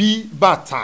bi bàtà